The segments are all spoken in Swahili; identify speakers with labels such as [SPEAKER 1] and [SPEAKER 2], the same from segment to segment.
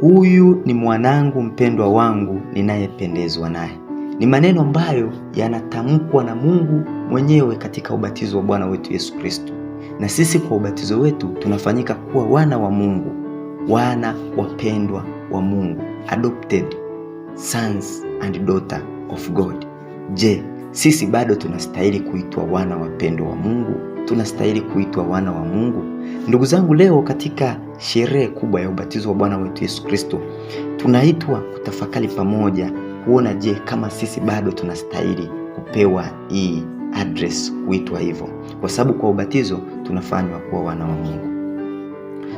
[SPEAKER 1] huyu ni mwanangu mpendwa wangu ninayependezwa naye. Ni maneno ambayo yanatamkwa na Mungu mwenyewe katika ubatizo wa Bwana wetu Yesu Kristo, na sisi kwa ubatizo wetu tunafanyika kuwa wana wa Mungu, wana wapendwa wa Mungu, adopted sons and daughter of God. Je, sisi bado tunastahili kuitwa wana wapendwa wa Mungu? Tunastahili kuitwa wana wa Mungu? Ndugu zangu, leo katika sherehe kubwa ya ubatizo wa Bwana wetu Yesu Kristo tunaitwa kutafakari pamoja kuona, je, kama sisi bado tunastahili kupewa hii address, kuitwa hivyo, kwa sababu kwa ubatizo tunafanywa kuwa wana wa Mungu.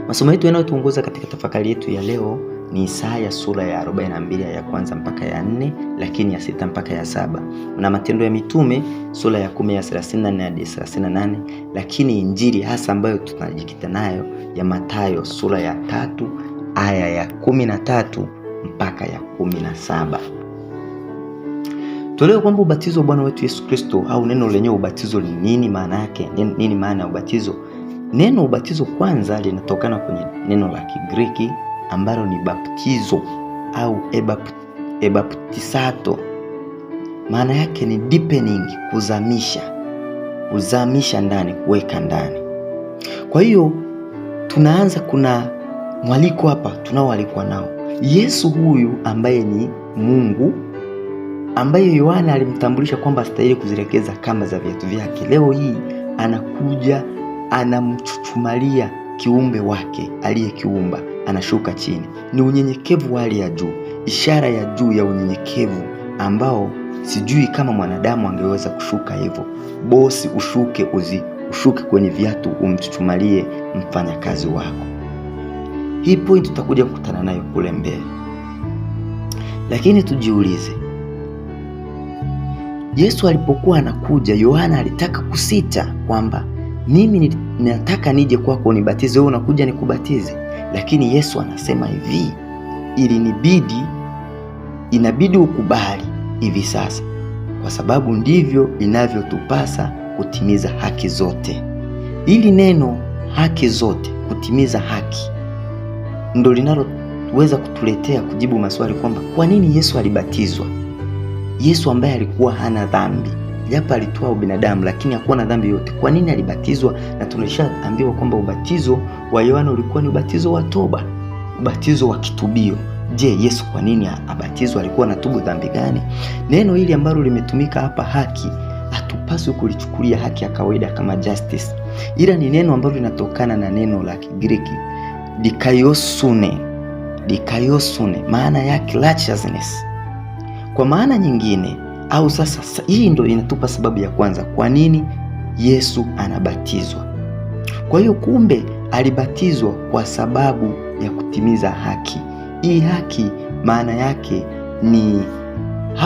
[SPEAKER 1] Masomo yetu yanayotuongoza katika tafakari yetu ya leo ni Isaya sura ya 42 ya kwanza mpaka ya nne lakini ya sita mpaka ya saba na Matendo ya Mitume sura ya 10 ya 34 hadi 38 lakini Injili hasa ambayo tunajikita nayo ya Mathayo sura ya tatu aya ya kumi na tatu mpaka ya kumi na saba. Tuelewe kwamba ubatizo wa Bwana wetu Yesu Kristo au neno lenyewe ubatizo ni nini maana yake? Nini maana ya ubatizo? Neno ubatizo kwanza linatokana kwenye neno la Kigiriki ambalo ni baptizo au ebaptisato maana yake ni deepening, kuzamisha, kuzamisha ndani, kuweka ndani. Kwa hiyo tunaanza, kuna mwaliko hapa tunaoalikwa nao. Yesu huyu ambaye ni Mungu ambaye Yohana alimtambulisha kwamba astahili kuzirekeza kamba za viatu vyake, leo hii anakuja anamchuchumalia kiumbe wake aliyekiumba anashuka chini. Ni unyenyekevu wa hali ya juu, ishara ya juu ya unyenyekevu ambao sijui kama mwanadamu angeweza kushuka hivyo. Bosi, ushuke uzi, ushuke kwenye viatu umchuchumalie mfanyakazi wako. Hii point tutakuja kukutana nayo kule mbele, lakini tujiulize, Yesu alipokuwa anakuja, Yohana alitaka kusita kwamba mimi nataka nije kwako unibatize, wewe unakuja nikubatize? Lakini Yesu anasema hivi, ilinibidi, inabidi ukubali hivi sasa, kwa sababu ndivyo inavyotupasa kutimiza haki zote. Hili neno haki zote, kutimiza haki, ndo linaloweza kutuletea kujibu maswali kwamba kwa nini Yesu alibatizwa? Yesu ambaye alikuwa hana dhambi japo alitoa ubinadamu lakini hakuwa na dhambi yote. Kwa nini alibatizwa? Na tulishaambiwa kwamba ubatizo wa Yohana ulikuwa ni ubatizo wa toba, ubatizo wa kitubio. Je, Yesu kwa nini abatizwa? Alikuwa anatubu dhambi gani? Neno hili ambalo limetumika hapa haki hatupaswi kulichukulia haki ya kawaida kama justice, ila ni neno ambalo linatokana na neno la Kigiriki dikaiosune, dikaiosune, maana yake righteousness. Kwa maana nyingine au sasa, sasa hii ndo inatupa sababu ya kwanza kwa nini Yesu anabatizwa. Kwa hiyo kumbe alibatizwa kwa sababu ya kutimiza haki. Hii haki maana yake ni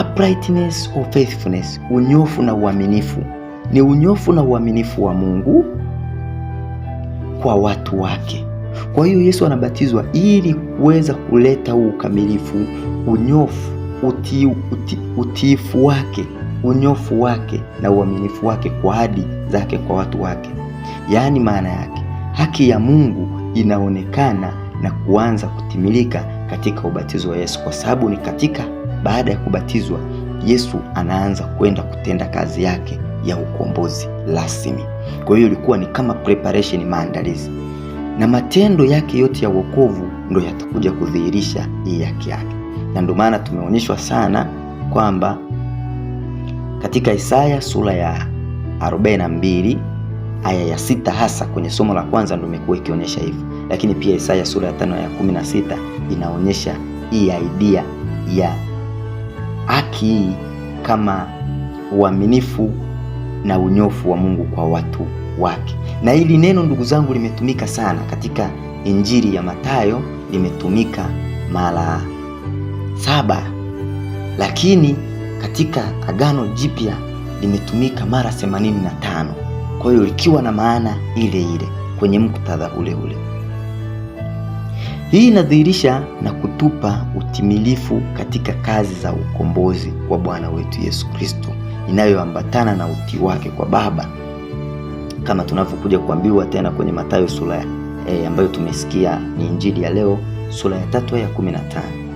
[SPEAKER 1] uprightness or faithfulness, unyofu na uaminifu. Ni unyofu na uaminifu wa Mungu kwa watu wake. Kwa hiyo Yesu anabatizwa ili kuweza kuleta huu ukamilifu, unyofu uti, uti, utiifu wake, unyofu wake na uaminifu wake kwa ahadi zake kwa watu wake. Yaani maana yake haki ya Mungu inaonekana na kuanza kutimilika katika ubatizo wa Yesu, kwa sababu ni katika baada ya kubatizwa Yesu anaanza kwenda kutenda kazi yake ya ukombozi rasmi. Kwa hiyo ilikuwa ni kama preparation, maandalizi na matendo yake yote ya wokovu ndo yatakuja kudhihirisha hii haki yake na ndio maana tumeonyeshwa sana kwamba katika Isaya sura ya 42 aya ya sita hasa kwenye somo la kwanza ndio imekuwa ikionyesha hivyo, lakini pia Isaya sura ya ya kumi na sita inaonyesha hii idea ya haki hii kama uaminifu na unyofu wa Mungu kwa watu wake. Na hili neno ndugu zangu limetumika sana katika Injili ya matayo limetumika mara saba, lakini katika Agano Jipya limetumika mara 85 kwa hiyo likiwa na maana ile ile kwenye mktadha ule ule. Hii inadhihirisha na kutupa utimilifu katika kazi za ukombozi wa Bwana wetu Yesu Kristo inayoambatana na utii wake kwa Baba kama tunavyokuja kuambiwa tena kwenye matayo sura e, ambayo tumesikia ni injili ya leo sura ya tatu ya 15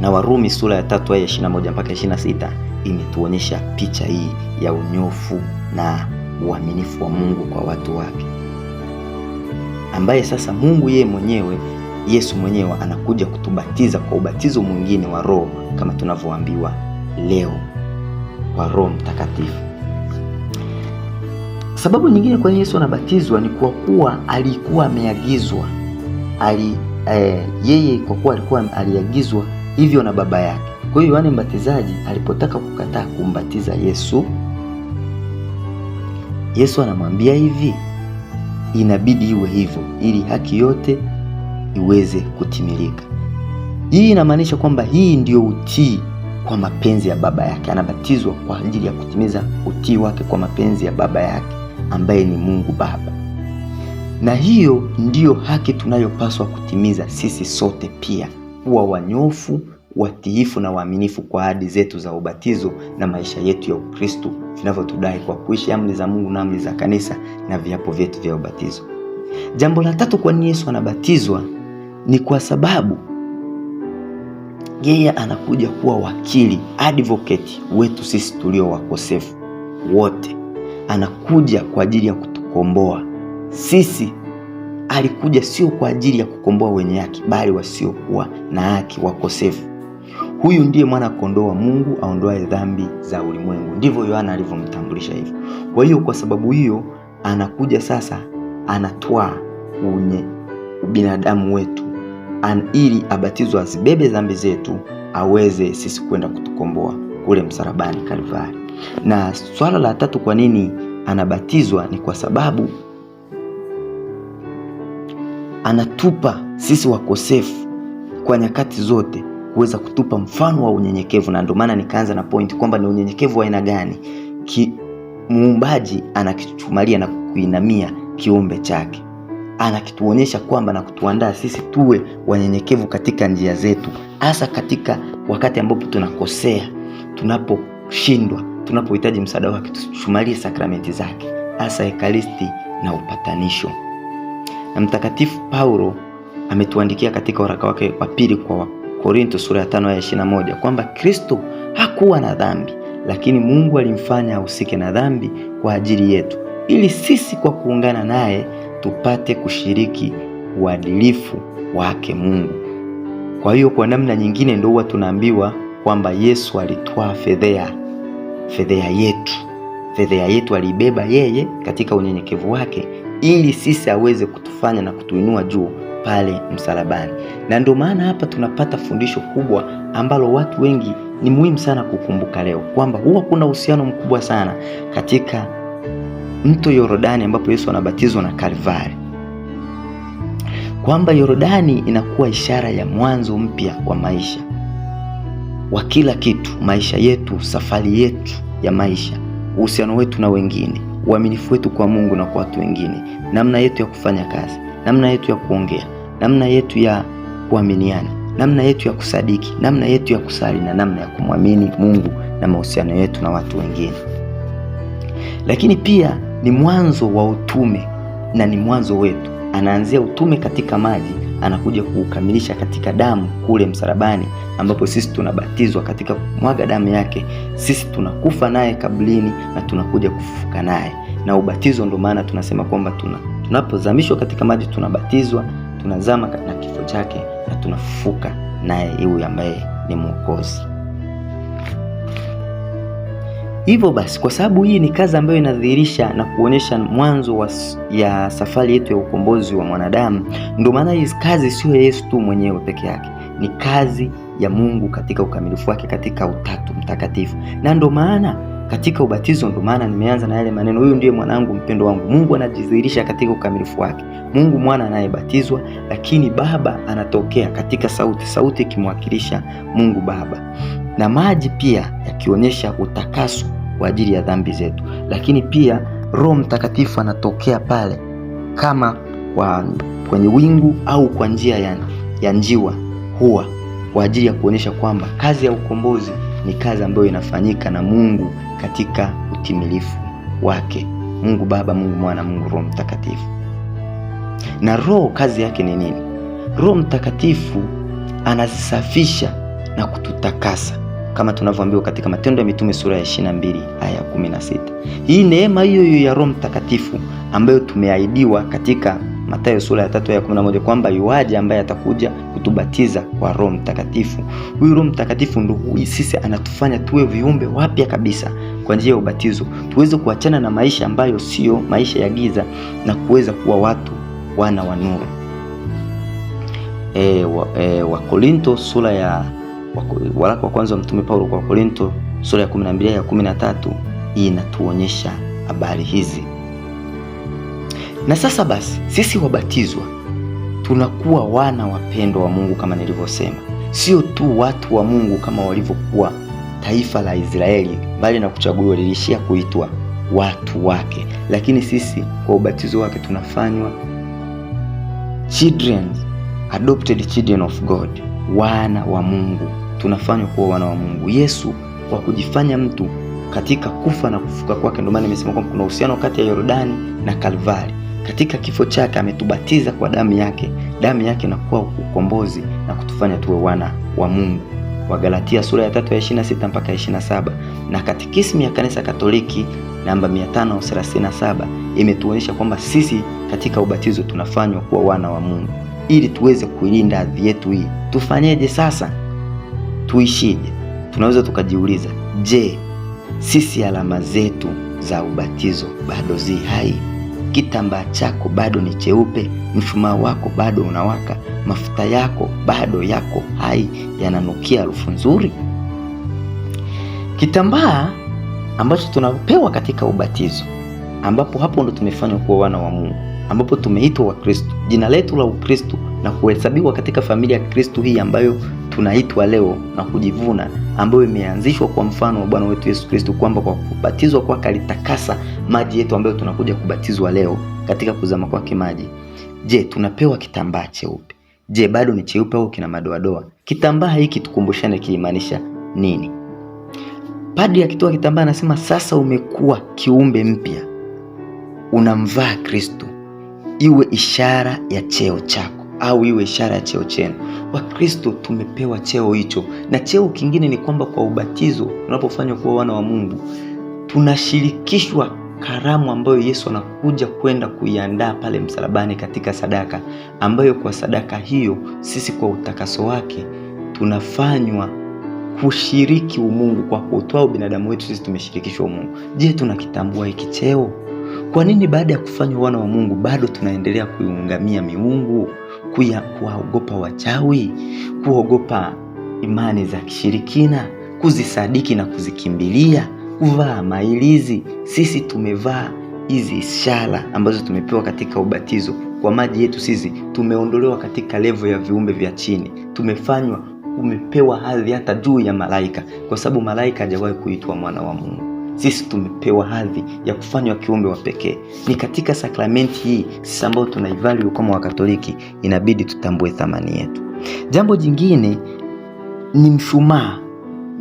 [SPEAKER 1] na Warumi sura ya tatu aya 21 mpaka 26 imetuonyesha picha hii ya unyofu na uaminifu wa Mungu kwa watu wake, ambaye sasa Mungu yeye mwenyewe Yesu mwenyewe anakuja kutubatiza kwa ubatizo mwingine wa Roho kama tunavyoambiwa leo kwa Roho Mtakatifu. Sababu nyingine kwa nini Yesu anabatizwa ni kwa kuwa alikuwa ameagizwa ali, eh, yeye kwa kuwa alikuwa aliagizwa hivyo na baba yake. Kwa hiyo Yohane Mbatizaji alipotaka kukataa kumbatiza Yesu, Yesu anamwambia hivi, inabidi iwe hivyo ili haki yote iweze kutimilika. Hii inamaanisha kwamba hii ndiyo utii kwa mapenzi ya baba yake. Anabatizwa kwa ajili ya kutimiza utii wake kwa mapenzi ya baba yake ambaye ni Mungu Baba, na hiyo ndiyo haki tunayopaswa kutimiza sisi sote pia kuwa wanyofu, watiifu na waaminifu kwa ahadi zetu za ubatizo na maisha yetu ya ukristu vinavyotudai kwa kuishi amri za Mungu na amri za kanisa na viapo vyetu vya ubatizo. Jambo la tatu, kwa nini Yesu anabatizwa? Ni kwa sababu yeye anakuja kuwa wakili advocate wetu sisi tulio wakosefu wote. Anakuja kwa ajili ya kutukomboa sisi alikuja sio kwa ajili ya kukomboa wenye haki, bali wasiokuwa na haki, wakosefu. Huyu ndiye mwana kondoo wa Mungu aondoae dhambi za ulimwengu. Ndivyo Yohana alivyomtambulisha hivyo. Kwa hiyo, kwa sababu hiyo anakuja sasa, anatwaa unye binadamu wetu An ili abatizwa azibebe dhambi zetu aweze sisi kwenda kutukomboa kule msarabani Kalvari. Na swala la tatu, kwa nini anabatizwa? Ni kwa sababu anatupa sisi wakosefu kwa nyakati zote kuweza kutupa mfano wa unyenyekevu, na ndio maana nikaanza na point kwamba ni unyenyekevu wa aina gani muumbaji anakichumalia na kuinamia kiumbe chake, anakituonyesha kwamba na kutuandaa sisi tuwe wanyenyekevu katika njia zetu, hasa katika wakati ambapo tunakosea, tunaposhindwa, tunapohitaji msaada wake. Tuchumalie sakramenti zake, hasa Ekaristi na upatanisho na Mtakatifu Paulo ametuandikia katika waraka wake wa pili kwa Korinto sura ya 5 aya 21 kwamba Kristo hakuwa na dhambi, lakini Mungu alimfanya ahusike na dhambi kwa ajili yetu, ili sisi kwa kuungana naye tupate kushiriki uadilifu wake Mungu. Kwa hiyo kwa namna nyingine ndio huwa tunaambiwa kwamba Yesu alitwaa fedhea, fedhea yetu, fedhea yetu alibeba yeye katika unyenyekevu wake ili sisi aweze kutufanya na kutuinua juu pale msalabani. Na ndio maana hapa tunapata fundisho kubwa ambalo watu wengi ni muhimu sana kukumbuka leo kwamba huwa kuna uhusiano mkubwa sana katika mto Yordani ambapo Yesu anabatizwa na Kalvari, kwamba Yordani inakuwa ishara ya mwanzo mpya wa maisha wa kila kitu, maisha yetu, safari yetu ya maisha, uhusiano wetu na wengine uaminifu wetu kwa Mungu na kwa watu wengine, namna yetu ya kufanya kazi, namna yetu ya kuongea, namna yetu ya kuaminiana, namna yetu ya kusadiki, namna yetu ya kusali na namna ya kumwamini Mungu na mahusiano yetu na watu wengine. Lakini pia ni mwanzo wa utume na ni mwanzo wetu. Anaanzia utume katika maji, anakuja kuukamilisha katika damu kule msalabani ambapo sisi tunabatizwa katika mwaga damu yake, sisi tunakufa naye kablini na tunakuja kufufuka naye. Na ubatizo ndio maana tunasema kwamba tuna tunapozamishwa katika maji tunabatizwa, tunazama na kifo chake na tunafufuka naye, huyu ambaye ni Mwokozi. Hivyo basi, kwa sababu hii ni kazi ambayo inadhihirisha na kuonyesha mwanzo wa ya safari yetu ya ukombozi wa mwanadamu, ndio maana hii kazi sio Yesu tu mwenyewe peke yake, ni kazi ya Mungu katika ukamilifu wake katika utatu mtakatifu. Na ndo maana katika ubatizo, ndo maana nimeanza na yale maneno, huyu ndiye mwanangu mpendo wangu. Mungu anajidhihirisha katika ukamilifu wake, Mungu mwana anayebatizwa, lakini Baba anatokea katika sauti, sauti ikimwakilisha Mungu Baba, na maji pia yakionyesha utakaso kwa ajili ya dhambi zetu, lakini pia Roho Mtakatifu anatokea pale kama kwa, kwenye wingu au kwa njia ya, ya njiwa hua kwa ajili ya kuonyesha kwamba kazi ya ukombozi ni kazi ambayo inafanyika na Mungu katika utimilifu wake, Mungu Baba, Mungu Mwana, Mungu Roho Mtakatifu. Na Roho kazi yake ni nini? Roho Mtakatifu anazisafisha na kututakasa kama tunavyoambiwa katika Matendo ya Mitume sura ya 22 aya ya 16. Hii neema hiyo hiyo ya Roho Mtakatifu ambayo tumeahidiwa katika Mathayo sura ya tatu ya kumi na moja kwamba yuaje ambaye atakuja kutubatiza kwa Roho Mtakatifu. Huyu Roho Mtakatifu ndio sisi anatufanya tuwe viumbe wapya kabisa kwa njia ya ubatizo, tuweze kuachana na maisha ambayo sio maisha ya giza na kuweza kuwa watu wana wa nuru. E, wa, e, wa Korinto sura ya waraka wa kwanza wa mtume Paulo kwa Korinto sura ya 12 ya 13 inatuonyesha habari hizi. Na sasa basi, sisi wabatizwa tunakuwa wana wapendwa wa Mungu kama nilivyosema, sio tu watu wa Mungu kama walivyokuwa taifa la Israeli, mbali na kuchaguliwa lilishia kuitwa watu wake, lakini sisi kwa ubatizo wake tunafanywa children, adopted children of God, wana wa Mungu, tunafanywa kuwa wana wa Mungu. Yesu kwa kujifanya mtu katika kufa na kufuka kwake, ndio maana nimesema kwamba kuna uhusiano kati ya Yordani na Kalvari. Katika kifo chake ametubatiza kwa damu yake. Damu yake inakuwa ukombozi na kutufanya tuwe wana wa Mungu, Wagalatia sura ya tatu ya 26 mpaka 27. Na katikismu ya Kanisa Katoliki namba 537 imetuonyesha kwamba sisi katika ubatizo tunafanywa kuwa wana wa Mungu. Ili tuweze kuilinda hadhi yetu hii, tufanyeje sasa? Tuishije? Tunaweza tukajiuliza, je, sisi alama zetu za ubatizo bado zi hai? kitambaa chako bado ni cheupe, mshumaa wako bado unawaka, mafuta yako bado yako hai, yananukia harufu nzuri. Kitambaa ambacho tunapewa katika ubatizo, ambapo hapo ndo tumefanywa kuwa wana wa Mungu, ambapo tumeitwa Wakristo, jina letu la Ukristo na kuhesabiwa katika familia ya Kristo hii ambayo tunaitwa leo na kujivuna ambayo imeanzishwa kwa mfano wa Bwana wetu Yesu Kristo, kwamba kwa kubatizwa kwake alitakasa maji yetu ambayo tunakuja kubatizwa leo katika kuzama kwake maji. Je, tunapewa kitambaa cheupe? Je, bado ni cheupe au kina madoadoa? Kitambaa hiki tukumbushane, kilimaanisha nini? Padri akitoa kitambaa anasema sasa umekuwa kiumbe mpya, unamvaa Kristo, iwe ishara ya cheo chako au iwe ishara ya cheo chenu. Wakristo tumepewa cheo hicho, na cheo kingine ni kwamba kwa ubatizo unapofanywa kuwa wana wa Mungu tunashirikishwa karamu ambayo Yesu anakuja kwenda kuiandaa pale msalabani katika sadaka, ambayo kwa sadaka hiyo sisi kwa utakaso wake tunafanywa kushiriki umungu. Kwa kutoa ubinadamu wetu sisi tumeshirikishwa umungu. Je, tunakitambua hiki cheo? Kwa nini baada ya kufanywa wana wa Mungu bado tunaendelea kuiungamia miungu? kuya kuwaogopa wachawi, kuogopa imani za kishirikina, kuzisadiki na kuzikimbilia, kuvaa mailizi. Sisi tumevaa hizi ishara ambazo tumepewa katika ubatizo kwa maji yetu. Sisi tumeondolewa katika levo ya viumbe vya chini, tumefanywa umepewa hadhi hata juu ya malaika, kwa sababu malaika hajawahi kuitwa mwana wa Mungu. Sisi tumepewa hadhi ya kufanywa kiumbe wa pekee. Ni katika sakramenti hii sisi ambao tunaivalue kama Wakatoliki, inabidi tutambue thamani yetu. Jambo jingine ni mshumaa.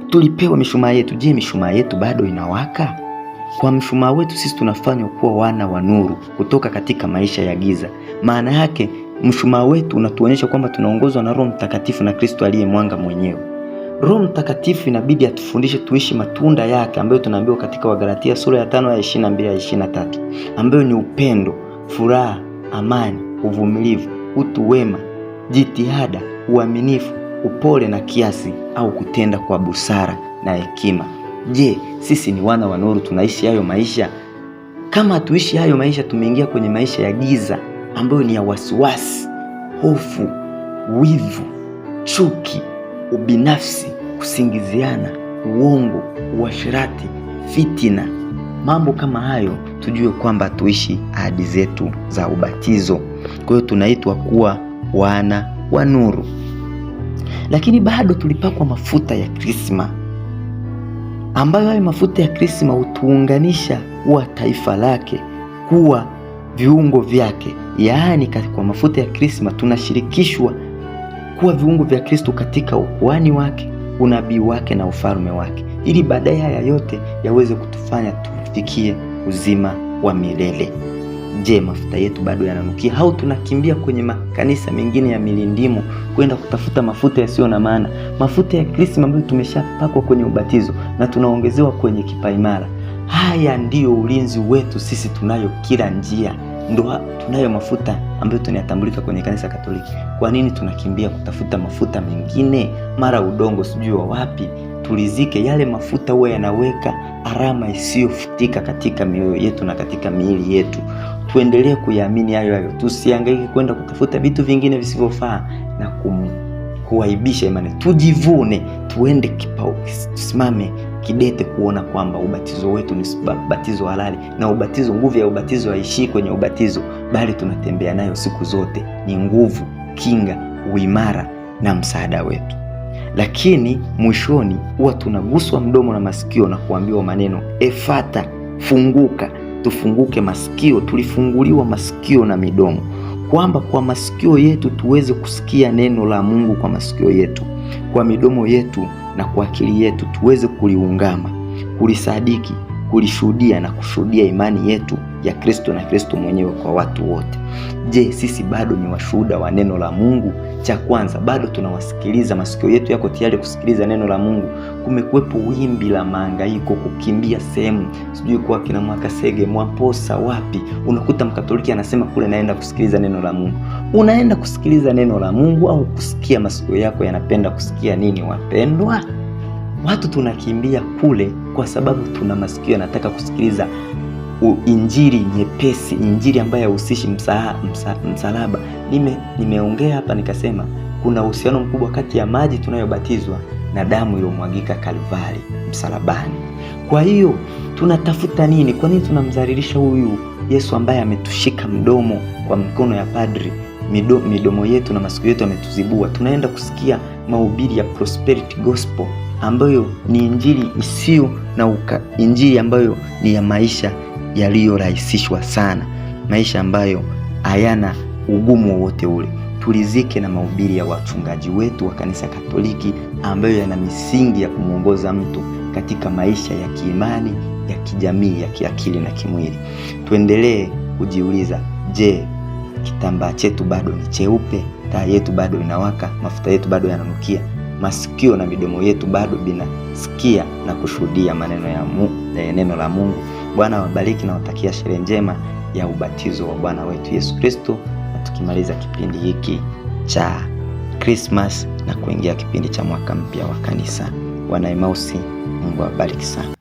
[SPEAKER 1] Tulipewa mishumaa yetu. Je, mishumaa yetu bado inawaka? Kwa mshumaa wetu sisi tunafanywa kuwa wana wa nuru kutoka katika maisha ya giza. Maana yake mshumaa wetu unatuonyesha kwamba tunaongozwa na Roho Mtakatifu na Kristo aliye mwanga mwenyewe. Roho Mtakatifu inabidi atufundishe tuishi matunda yake ambayo tunaambiwa katika Wagalatia sura ya tano ya ishirini na mbili ya ishirini na tatu ambayo ni upendo, furaha, amani, uvumilivu, utu wema, jitihada, uaminifu, upole na kiasi au kutenda kwa busara na hekima. Je, sisi ni wana wa nuru? Tunaishi hayo maisha? Kama hatuishi hayo maisha, tumeingia kwenye maisha ya giza ambayo ni ya wasiwasi, hofu, wivu, chuki ubinafsi, kusingiziana, uongo, uashirati fitina, mambo kama hayo, tujue kwamba tuishi ahadi zetu za ubatizo. Kwa hiyo tunaitwa kuwa wana wa nuru, lakini bado tulipakwa mafuta ya krisma, ambayo hayo mafuta ya krisma hutuunganisha kuwa taifa lake, kuwa viungo vyake, yaani kwa mafuta ya krisma tunashirikishwa kuwa viungo vya Kristo katika ukuani wake, unabii wake na ufalme wake, ili baadaye haya yote yaweze kutufanya tufikie uzima wa milele. Je, mafuta yetu bado yananukia au tunakimbia kwenye makanisa mengine ya milindimo kwenda kutafuta mafuta yasiyo na maana, mafuta ya Krisma ambayo tumeshapakwa kwenye ubatizo na tunaongezewa kwenye kipaimara? Haya ndiyo ulinzi wetu sisi, tunayo kila njia ndo tunayo mafuta ambayo tunayatambulika kwenye kanisa Katoliki. Kwa nini tunakimbia kutafuta mafuta mengine, mara udongo sijui wa wapi? Tulizike yale mafuta, huwa yanaweka arama isiyofutika katika mioyo yetu na katika miili yetu. Tuendelee kuyaamini hayo hayo, tusiangaike kwenda kutafuta vitu vingine visivyofaa na kuaibisha imani. Tujivune, tuende kipao, tusimame kidete kuona kwamba ubatizo wetu ni batizo halali, na ubatizo, nguvu ya ubatizo haishii kwenye ubatizo, bali tunatembea nayo siku zote. Ni nguvu, kinga, uimara na msaada wetu. Lakini mwishoni huwa tunaguswa mdomo na masikio na kuambiwa maneno efata, funguka. Tufunguke masikio, tulifunguliwa masikio na midomo, kwamba kwa masikio yetu tuweze kusikia neno la Mungu, kwa masikio yetu, kwa midomo yetu na kwa akili yetu tuweze kuliungama, kulisadiki kulishuhudia na kushuhudia imani yetu ya Kristo na Kristo mwenyewe kwa watu wote. Je, sisi bado ni washuhuda wa neno la Mungu? Cha kwanza, bado tunawasikiliza, masikio yetu yako tayari kusikiliza neno la Mungu. Kumekuwepo wimbi la mahangaiko, kukimbia sehemu, sijui kwa kina Mwakasege, Mwaposa, wapi. Unakuta Mkatoliki anasema kule naenda kusikiliza neno la Mungu. Unaenda kusikiliza neno la Mungu au kusikia? Masikio yako yanapenda kusikia nini, wapendwa? Watu tunakimbia kule kwa sababu tuna masikio yanataka kusikiliza injili nyepesi, injili ambayo haihusishi msa, msa, msalaba. Nime nimeongea hapa nikasema kuna uhusiano mkubwa kati ya maji tunayobatizwa na damu iliyomwagika Kalvari msalabani. Kwa hiyo tunatafuta nini? Kwa nini tunamdhalilisha huyu Yesu ambaye ametushika mdomo kwa mikono ya padri mido, midomo yetu na masikio yetu ametuzibua? Tunaenda kusikia mahubiri ya prosperity gospel ambayo ni injili isiyo na uka, injili ambayo ni ya maisha yaliyorahisishwa sana, maisha ambayo hayana ugumu wowote ule. Tulizike na mahubiri ya wachungaji wetu wa kanisa Katoliki ambayo yana misingi ya kumwongoza mtu katika maisha ya kiimani, ya kijamii, ya kiakili na kimwili. Tuendelee kujiuliza, je, kitambaa chetu bado ni cheupe? Taa yetu bado inawaka? Mafuta yetu bado yananukia? masikio na midomo yetu bado vinasikia na kushuhudia maneno ya mu, eh, neno la Mungu. Bwana wabariki na watakia sherehe njema ya ubatizo wa Bwana wetu Yesu Kristo, na tukimaliza kipindi hiki cha Krismas na kuingia kipindi cha mwaka mpya wa kanisa. Wana Emausi, Mungu awabariki sana.